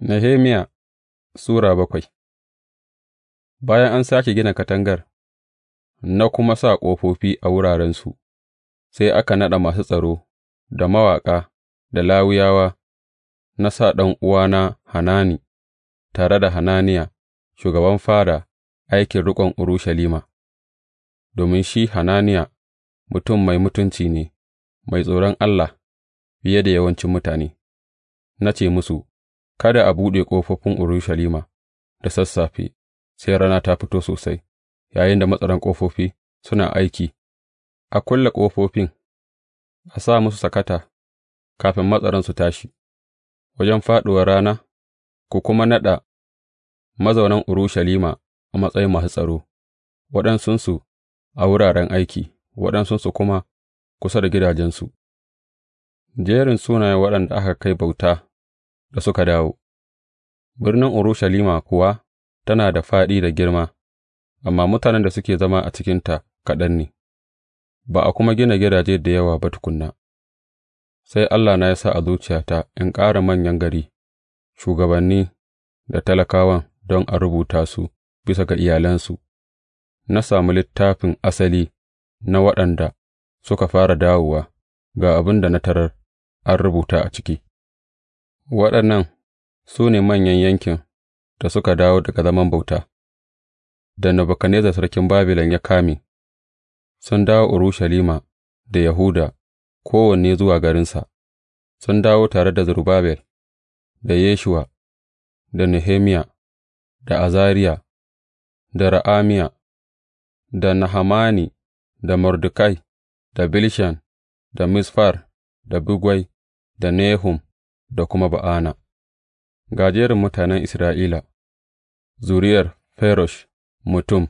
Nehemiya Sura bakwai Bayan an sake gina katangar, na kuma sa ƙofofi a wurarensu, sai aka naɗa masu tsaro, da mawaƙa, da lawuyawa na sa ɗan ɗan'uwana Hanani, tare da Hananiya, shugaban fada, aikin riƙon Urushalima, domin shi Hananiya mutum mai mutunci ne, mai tsoron Allah fiye da yawancin mutane, na ce musu. Kada a buɗe ƙofofin Urushalima da sassafe sai rana ta fito sosai, yayin da matsaran ƙofofi suna aiki, a kulle ƙofofin, a sa musu sakata kafin matsaran su tashi, wajen fāɗuwar rana, ku kuma naɗa mazaunan Urushalima a matsayin masu tsaro, waɗansunsu a wuraren aiki, waɗansunsu kuma kusa da gidajensu. Jerin sunayen waɗanda aka kai bauta. da suka dawo, birnin Urushalima kuwa tana da fāɗi da girma, amma mutanen da suke zama a cikinta kaɗan ne, ba a kuma gina gidaje da yawa ba tukunna. Sai Allah na ya sa a zuciyata in ƙara manyan gari, shugabanni da talakawan don a rubuta su bisa ga iyalansu, na samu littafin asali na waɗanda suka fara dawowa ga abin da na tarar an rubuta a ciki. Waɗannan su ne manyan yankin da suka dawo daga zaman bauta da Nebukadnezzar sarkin Babilon ya kame, sun dawo Urushalima da Yahuda, kowanne zuwa garinsa, sun dawo tare da Zerubabel, da Yeshuwa, da Nehemiya, da Azariya, da Ra'amiya, da Nahamani, da Mordekai, da Bilshan, da Misfar, da bugwai da Nehum. da kuma Ba'ana, gajerin mutanen Isra'ila, zuriyar Ferosh mutum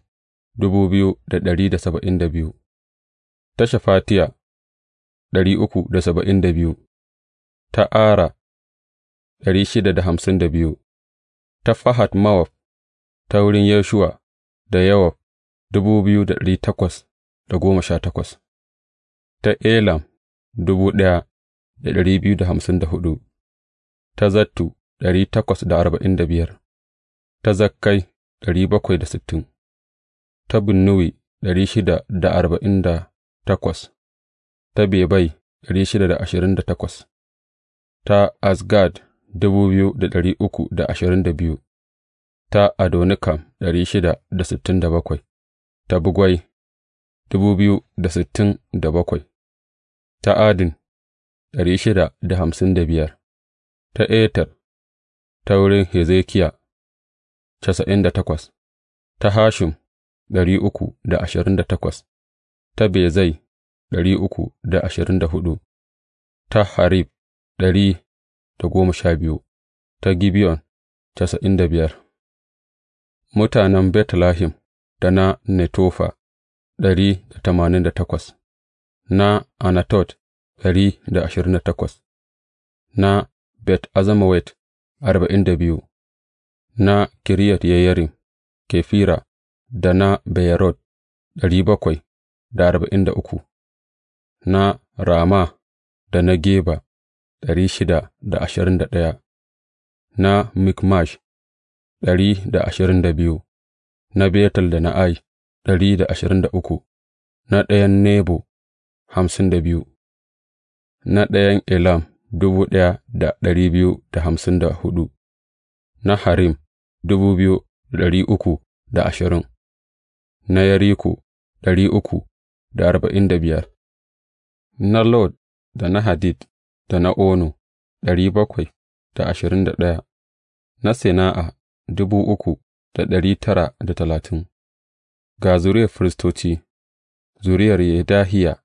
dubu biyu da ɗari da saba'in da biyu, ta Shafatiya ɗari uku da saba'in da biyu, ta Ara ɗari shida da hamsin da biyu, ta Fahat Mawaf ta wurin Yeshuwa da Yawaf dubu biyu da ɗari takwas da goma sha takwas, ta Elam dubu ɗaya da ɗari biyu da hamsin da hudu. ta Zattu dari takwas da arba'in da biyar, ta Zakkai dari bakwai da sittin, ta Binnuwi dari shida da arba'in da takwas, ta Bebai dari shida da ashirin da takwas, ta Asgad dubu biyu da dari uku da ashirin da biyu, ta Adonikam dari shida da sittin da bakwai, ta Bugwai dubu biyu da sittin da bakwai, ta Adin dari shida da hamsin da biyar. ta Eter ta wurin Hezekiya casa'in da takwas, ta Hashim ɗari uku da ashirin da takwas, ta Bezai ɗari uku da ashirin da hudu, ta Harib ɗari da goma sha biyu, ta Gibeon casa'in da biyar, mutanen Betlehem da na Netofa ɗari da tamanin da takwas, na Anatot ɗari da ashirin da takwas, na Bet Azamawet arba'in da biyu, na Kiriyat Yeyarim, Kefira, da na Beyerot ɗari bakwai da arba'in da uku, na Rama da na Geba ɗari shida da ashirin da ɗaya, na Mikmash ɗari da ashirin da biyu, na Betel da na Ai ɗari da ashirin da uku, na ɗayan Nebo hamsin da biyu, na ɗayan Elam dubu ɗaya da ɗari biyu da hamsin da hudu, na Harim dubu biyu da ɗari uku da ashirin, na yariku ɗari uku da arba'in da biyar, na Lod da na Hadid da na Ono ɗari bakwai da ashirin da ɗaya, na Sina'a dubu uku da ɗari tara da talatin, ga zuriyar Firistoci, zuriyar Yedahiya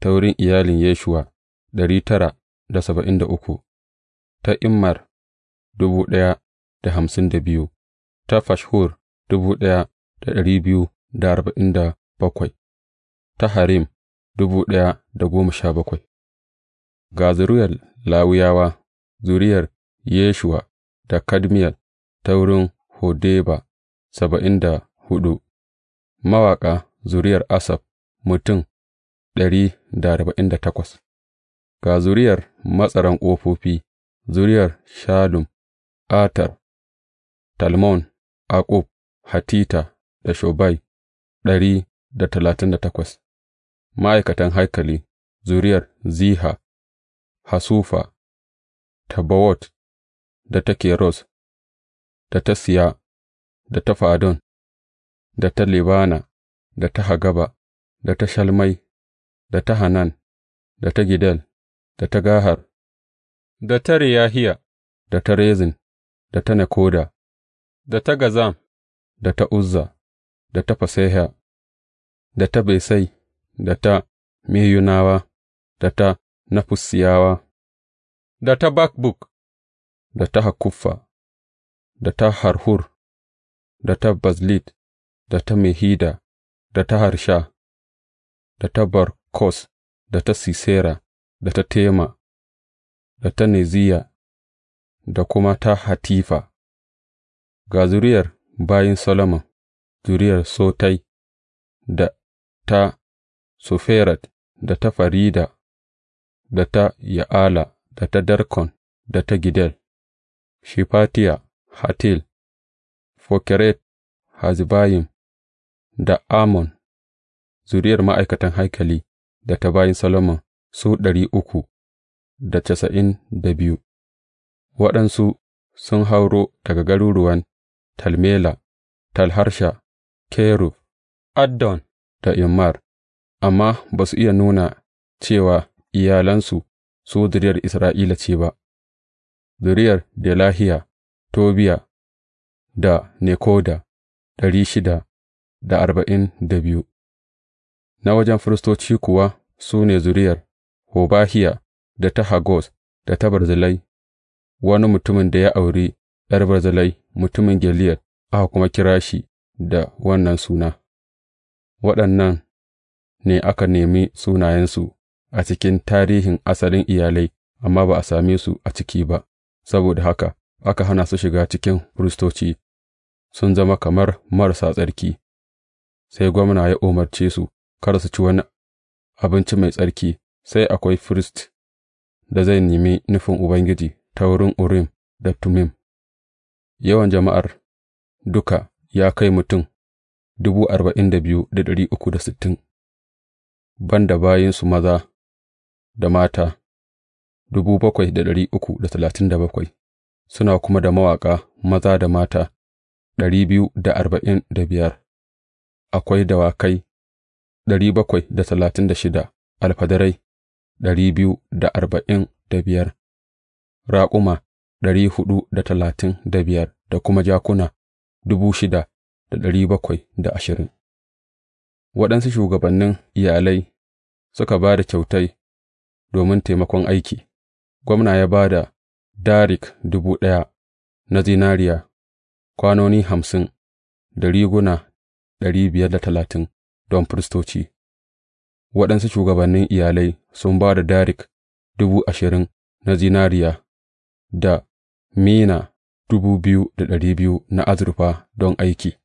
ta wurin iyalin Yeshuwa ɗari tara da saba'in da uku, ta Immar dubu ɗaya da hamsin da biyu, ta Fashhur dubu ɗaya da ɗari biyu da arba'in da bakwai, ta Harim dubu ɗaya da goma sha bakwai. Ga zuriyar Lawiyawa, zuriyar Yeshuwa da Kadmiyal ta wurin Hodeba saba'in da hudu, mawaƙa zuriyar Asaf mutum ɗari da arba'in da takwas. Ga zuriyar matsaran ƙofofi, zuriyar Shallum, Atar, Talmon, Akub, Hatita da Shobai, ɗari da talatin da takwas, ma'aikatan haikali, zuriyar Ziha, Hasufa, Tabawot, da ta Keros, da ta Siya, da ta Fadon, da ta Libana, da ta Hagaba, da ta Shalmai, da ta Hanan, da ta Gidel, da ta Gahar, da ta Reyahiya, da ta Rezin, da ta Nakoda, da ta Gazam, da ta Uzza, da ta Faseha, da ta Besai, da ta Meyunawa, da ta Nafusiyawa, da ta Bakbuk, da ta Hakuffa, da ta Harhur, da ta Bazlit, da ta Mehida, da ta Harsha, da ta Barkos, da ta Sisera, da ta Tema, da ta Neziya, da kuma ta Hatifa, ga zuriyar bayin Solomon, zuriyar Sotai, da ta suferat da ta Farida, da ta Ya'ala, da ta Darkon, da ta Gidel, Shifatiya, Hatil, Fokeret, Hazibayim, da Amon, zuriyar ma'aikatan haikali, da ta bayin Solomon, su ɗari uku da casa'in da biyu, waɗansu sun hauro daga garuruwan Talmela, Talharsha, keru Addon da Immar, amma ba su iya nuna cewa iyalansu su zuriyar Isra'ila ce ba, zuriyar Delahiya, Tobiya da Nekoda ɗari shida da arba'in da biyu, na wajen firistoci kuwa su ne zuriyar Hobahiya da ta hagos da ta barzilai wani mutumin da ya auri ’yar barzilai mutumin Gileyad, aka kuma kira shi da wannan suna, waɗannan ne aka nemi sunayensu a cikin tarihin asalin iyalai, amma ba a same su a ciki ba, saboda haka aka hana su shiga cikin firistoci, sun zama kamar marasa tsarki, sai gwamna ya umarce su kada su ci wani abinci mai tsarki. sai akwai firist da zai nemi nufin Ubangiji ta wurin Urim da Tumim. yawan jama'ar duka ya kai mutum dubu arba'in da biyu da ɗari uku da sittin, ban da bayinsu maza da mata dubu bakwai da ɗari uku da talatin da bakwai, suna kuma da mawaƙa maza da mata ɗari biyu da arba'in da biyar, akwai dawakai ɗari bakwai da talatin da shida alfadarai ɗari biyu da arba'in da biyar, raƙuma ɗari huɗu da talatin da biyar da kuma jakuna dubu shida da ɗari bakwai da ashirin. Waɗansu shugabannin iyalai suka ba da kyautai domin taimakon aiki, gwamna ya ba da darik dubu ɗaya na zinariya, kwanoni hamsin da riguna ɗari biyar da talatin don firistoci. waɗansu shugabannin iyalai sun ba da darik dubu ashirin na zinariya da mina dubu biyu da ɗari biyu na azurfa don aiki,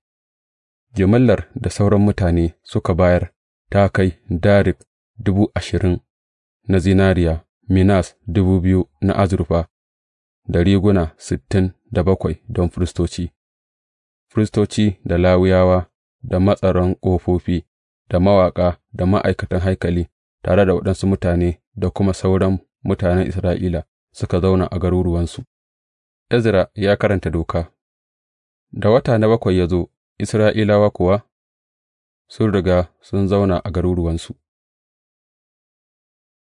jimillar da sauran mutane suka bayar ta kai darik dubu ashirin na zinariya, minas dubu biyu na azurfa da riguna sittin da bakwai don firistoci, firistoci da Lawiyawa da matsaran ƙofofi da mawaƙa da ma'aikatan haikali tare da waɗansu mutane da kuma sauran mutanen Isra'ila suka zauna a garuruwansu. Ezra ya karanta doka Da wata na bakwai ya zo, Isra'ilawa kuwa sun riga sun zauna a garuruwansu.